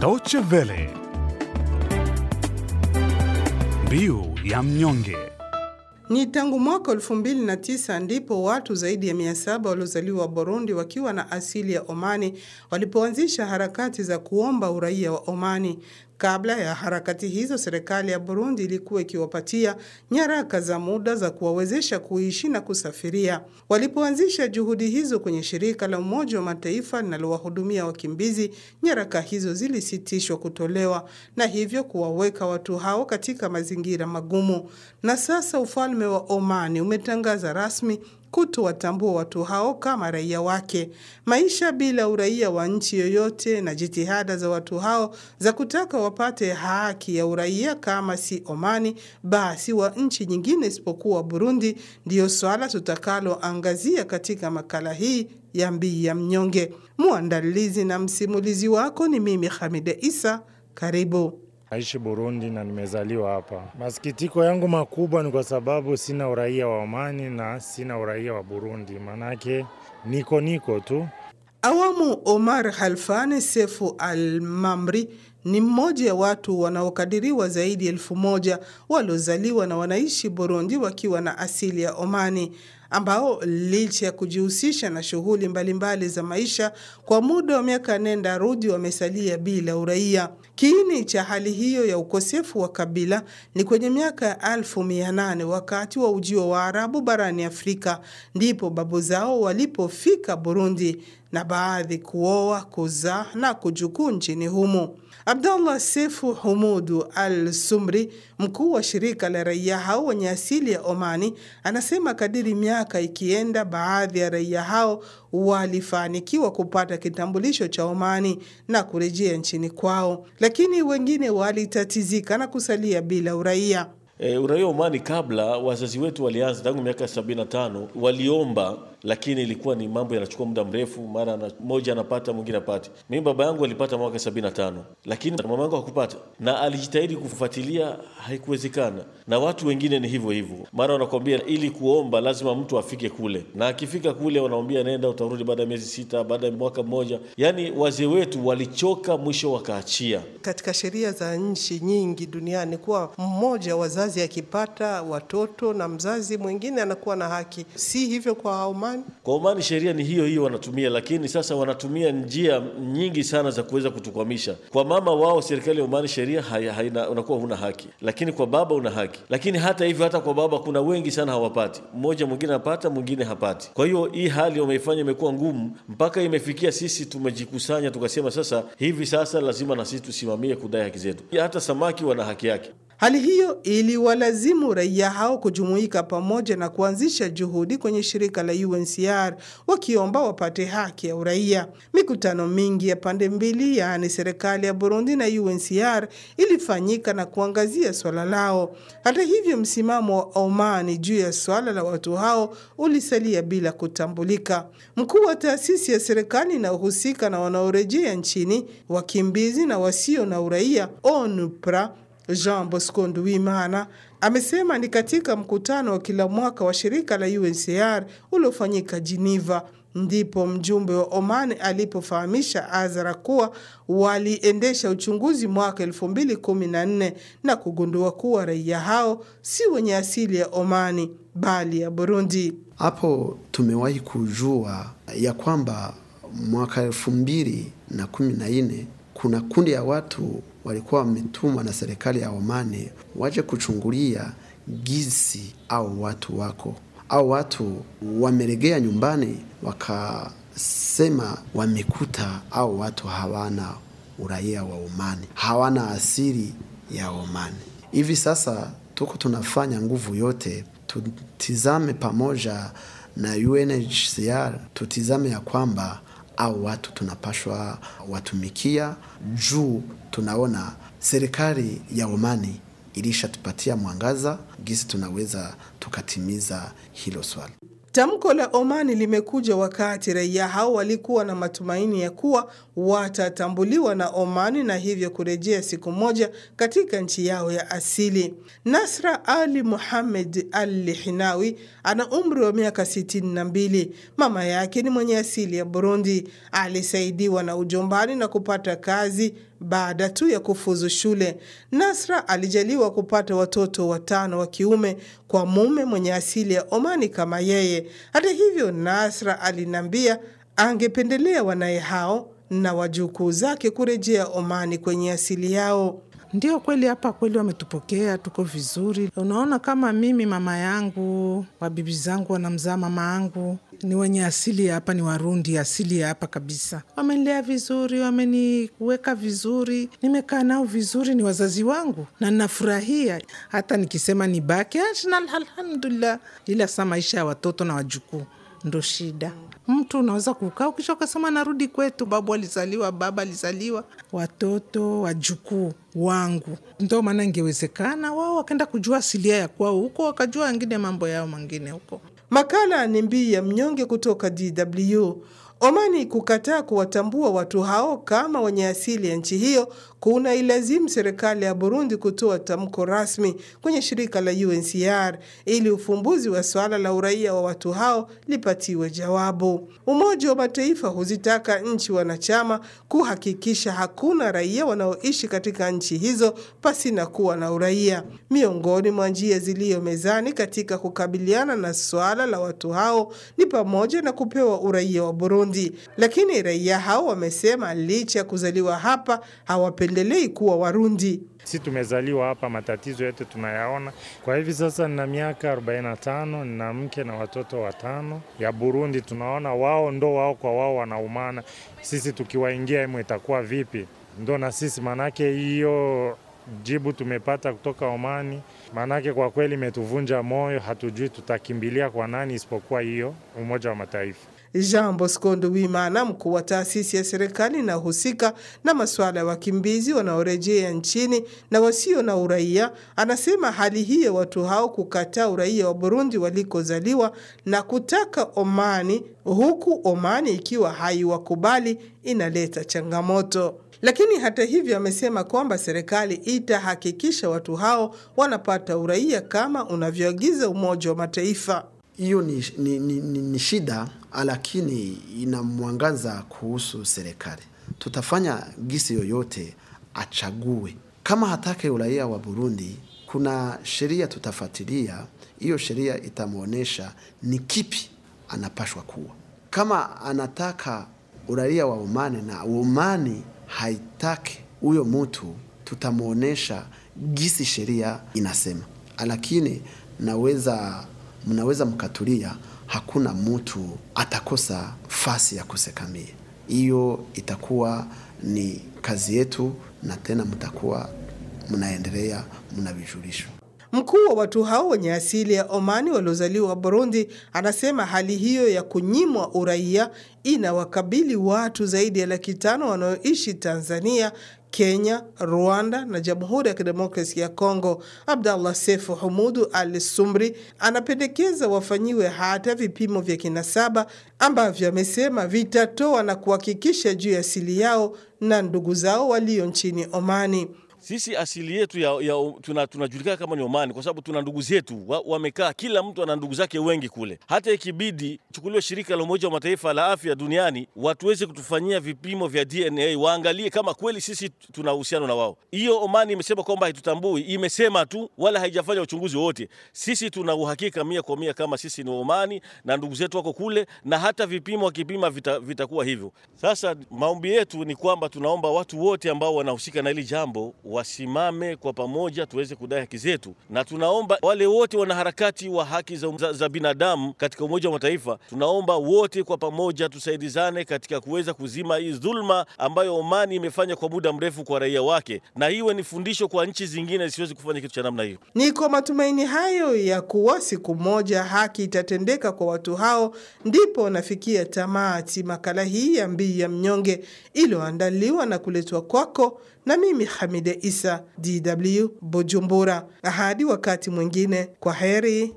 Deutsche Welle. Mbiu ya mnyonge. Ni tangu mwaka 2009 ndipo watu zaidi ya 700 waliozaliwa Burundi wakiwa na asili ya Omani walipoanzisha harakati za kuomba uraia wa Omani. Kabla ya harakati hizo, serikali ya Burundi ilikuwa ikiwapatia nyaraka za muda za kuwawezesha kuishi na kusafiria. Walipoanzisha juhudi hizo kwenye shirika la Umoja wa Mataifa linalowahudumia wakimbizi, nyaraka hizo zilisitishwa kutolewa na hivyo kuwaweka watu hao katika mazingira magumu. Na sasa ufalme wa Omani umetangaza rasmi kutowatambua watu hao kama raia wake. Maisha bila uraia wa nchi yoyote na jitihada za watu hao za kutaka wapate haki ya uraia kama si Omani basi wa nchi nyingine isipokuwa Burundi, ndiyo swala tutakaloangazia katika makala hii ya Mbii ya Mnyonge. Mwandalizi na msimulizi wako ni mimi Hamida Isa. Karibu naishi Burundi na nimezaliwa hapa. Masikitiko yangu makubwa ni kwa sababu sina uraia wa Omani na sina uraia wa Burundi, maanake niko niko tu. Awamu Omar Halfani Sefu Al-Mamri ni mmoja ya watu wanaokadiriwa zaidi elfu moja waliozaliwa na wanaishi Burundi wakiwa na asili ya Omani ambao licha ya kujihusisha na shughuli mbalimbali za maisha kwa muda wa miaka nenda rudi wamesalia bila uraia. Kiini cha hali hiyo ya ukosefu wa kabila ni kwenye miaka ya elfu mia nane wakati wa ujio wa Arabu barani Afrika, ndipo babu zao walipofika Burundi na baadhi kuoa, kuzaa na kujukuu nchini humo. Abdallah Sefu Humudu Al Sumri, mkuu wa shirika la raia hao wenye asili ya Omani, anasema kadiri miaka ikienda, baadhi ya raia hao walifanikiwa kupata kitambulisho cha Omani na kurejea nchini kwao, lakini wengine walitatizika na kusalia bila uraia. E, eh, uraia wa Omani kabla wazazi wetu walianza tangu miaka tano waliomba, lakini ilikuwa ni mambo yanachukua muda mrefu, mara na, moja anapata mwingine apate. Mimi baba yangu alipata mwaka tano lakini mama yangu hakupata, na alijitahidi kufuatilia, haikuwezekana. Na watu wengine ni hivyo hivyo, mara wanakuambia ili kuomba lazima mtu afike kule, na akifika kule wanaambia nenda, utarudi baada ya miezi sita, baada ya mwaka mmoja. Yaani wazee wetu walichoka, mwisho wakaachia. Katika sheria za nchi nyingi duniani kuwa mmoja wazazi mzazi akipata watoto na mzazi mwingine anakuwa na haki, si hivyo kwa Waomani? Kwa Omani sheria ni hiyo hiyo wanatumia, lakini sasa wanatumia njia nyingi sana za kuweza kutukwamisha. Kwa mama wao, serikali ya Omani sheria haina, unakuwa huna haki, lakini kwa baba una haki. Lakini hata hivyo, hata kwa baba kuna wengi sana hawapati, mmoja mwingine anapata, mwingine hapati. Kwa hiyo hii hali wameifanya imekuwa ngumu, mpaka imefikia sisi tumejikusanya tukasema, sasa hivi sasa lazima na sisi tusimamie kudai haki zetu. Hata samaki wana haki yake. Hali hiyo iliwalazimu raia hao kujumuika pamoja na kuanzisha juhudi kwenye shirika la uncr wakiomba wapate haki ya uraia. Mikutano mingi ya pande mbili, yaani serikali ya Burundi na uncr ilifanyika na kuangazia swala lao. Hata hivyo, msimamo wa Omani juu ya swala la watu hao ulisalia bila kutambulika. Mkuu wa taasisi ya serikali inayohusika na wanaorejea nchini wakimbizi na wasio na uraia, ONUPRA Jean Bosco Nduimana amesema ni katika mkutano wa kila mwaka wa shirika la UNHCR uliofanyika Geneva ndipo mjumbe wa Oman alipofahamisha Azara kuwa waliendesha uchunguzi mwaka 2014 na kugundua kuwa raia hao si wenye asili ya Omani bali ya Burundi. Hapo tumewahi kujua ya kwamba mwaka 2014 kuna kundi ya watu walikuwa wametumwa na serikali ya Omani waje kuchungulia gisi au watu wako au watu wameregea nyumbani, wakasema wamekuta au watu hawana uraia wa Omani, hawana asili ya Omani. Hivi sasa tuko tunafanya nguvu yote tutizame pamoja na UNHCR tutizame ya kwamba au watu tunapashwa watumikia, juu tunaona serikali ya Omani ilishatupatia mwangaza gisi tunaweza tukatimiza hilo swali. Tamko la Omani limekuja wakati raia hao walikuwa na matumaini ya kuwa watatambuliwa na Omani na hivyo kurejea siku moja katika nchi yao ya asili. Nasra Ali Muhammad Al Hinawi ana umri wa miaka sitini na mbili. Mama yake ni mwenye asili ya Burundi. Alisaidiwa na ujombani na kupata kazi baada tu ya kufuzu shule. Nasra alijaliwa kupata watoto watano wa kiume kwa mume mwenye asili ya Omani kama yeye. Hata hivyo, Nasra alinambia angependelea wanaye hao na wajukuu zake kurejea Omani kwenye asili yao. Ndio kweli, hapa kweli wametupokea, tuko vizuri. Unaona, kama mimi mama yangu wabibi zangu wanamzaa mama yangu ni wenye asili ya hapa, ni Warundi asili ya hapa kabisa. Wamenilea vizuri, wameniweka vizuri, nimekaa nao vizuri, ni wazazi wangu na nnafurahia Hata nikisema bake alhamdulillah, ila sa maisha ya watoto na wajukuu ndo shida. Mtu unaweza kukaa ukisha ukasema, narudi kwetu, babu alizaliwa, baba alizaliwa, watoto wajukuu wangu. Ndo maana ingewezekana wao wakaenda kujua asilia ya kwao huko, wakajua wengine mambo yao mengine huko. Makala ni mbii ya mnyonge kutoka DW. Omani kukataa kuwatambua watu hao kama wenye asili ya nchi hiyo kuna ilazimu serikali ya Burundi kutoa tamko rasmi kwenye shirika la UNHCR ili ufumbuzi wa swala la uraia wa watu hao lipatiwe jawabu. Umoja wa Mataifa huzitaka nchi wanachama kuhakikisha hakuna raia wanaoishi katika nchi hizo pasina kuwa na uraia. Miongoni mwa njia ziliyo mezani katika kukabiliana na swala la watu hao ni pamoja na kupewa uraia wa Burundi, lakini raia hao wamesema licha ya kuzaliwa hapa hawape hatuendelei kuwa Warundi. Si tumezaliwa hapa, matatizo yote tunayaona kwa hivi sasa. Nina miaka 45, nina mke na watoto watano. Ya Burundi tunaona wao ndo wao kwa wao wanaumana, sisi tukiwaingia emu itakuwa vipi? Ndo na sisi maanake hiyo jibu tumepata kutoka Omani, maanake kwa kweli imetuvunja moyo, hatujui tutakimbilia kwa nani isipokuwa hiyo Umoja wa Mataifa. Jean Bosco Nduwimana, mkuu wa taasisi ya serikali husika na masuala ya wakimbizi wanaorejea nchini na wasio na uraia, anasema hali hii ya watu hao kukataa uraia wa Burundi walikozaliwa na kutaka Omani, huku Omani ikiwa haiwakubali inaleta changamoto. Lakini hata hivyo, amesema kwamba serikali itahakikisha watu hao wanapata uraia kama unavyoagiza Umoja wa Mataifa hiyo ni, ni, ni, ni, ni shida, lakini inamwangaza kuhusu serikali. Tutafanya gisi yoyote achague, kama hatake uraia wa Burundi, kuna sheria tutafatilia. Hiyo sheria itamwonyesha ni kipi anapashwa kuwa. Kama anataka uraia wa Umani na Umani haitaki huyo mtu, tutamwonyesha gisi sheria inasema, lakini naweza mnaweza mkatulia, hakuna mtu atakosa fasi ya kusekamia. Hiyo itakuwa ni kazi yetu, na tena mtakuwa mnaendelea mnavijulishwa. Mkuu wa watu hao wenye asili ya Omani waliozaliwa Burundi anasema hali hiyo ya kunyimwa uraia inawakabili watu zaidi ya laki tano wanaoishi Tanzania, Kenya, Rwanda na Jamhuri ya kidemokrasi ya Kongo. Abdallah Sefu Humudu Al Sumri anapendekeza wafanyiwe hata vipimo vya kinasaba ambavyo amesema vitatoa na kuhakikisha juu ya asili yao na ndugu zao walio nchini Omani. Sisi asili yetu ya, ya, tuna, tunajulikana kama ni Omani kwa sababu tuna ndugu zetu wamekaa wa kila mtu ana ndugu zake wengi kule. Hata ikibidi chukuliwe shirika la Umoja wa Mataifa la afya duniani watuweze kutufanyia vipimo vya DNA waangalie kama kweli sisi tuna uhusiano na wao. Hiyo Omani imesema kwamba haitutambui, imesema tu wala haijafanya uchunguzi wowote. Sisi tuna uhakika mia kwa mia kama sisi ni Omani na ndugu zetu wako kule, na hata vipimo wakipima vitakuwa vita hivyo. Sasa maombi yetu ni kwamba tunaomba watu wote ambao wanahusika na hili jambo wasimame kwa pamoja tuweze kudai haki zetu, na tunaomba wale wote wanaharakati wa haki za, za binadamu katika Umoja wa Mataifa, tunaomba wote kwa pamoja tusaidizane katika kuweza kuzima hii dhulma ambayo Omani imefanya kwa muda mrefu kwa raia wake, na iwe ni fundisho kwa nchi zingine zisiwezi kufanya kitu cha namna hiyo. Ni kwa matumaini hayo ya kuwa siku moja haki itatendeka kwa watu hao, ndipo nafikia tamati makala hii ya Mbii ya Mnyonge iliyoandaliwa na kuletwa kwako na mimi Hamide Isa DW Bujumbura. Hadi wakati mwingine, kwa heri.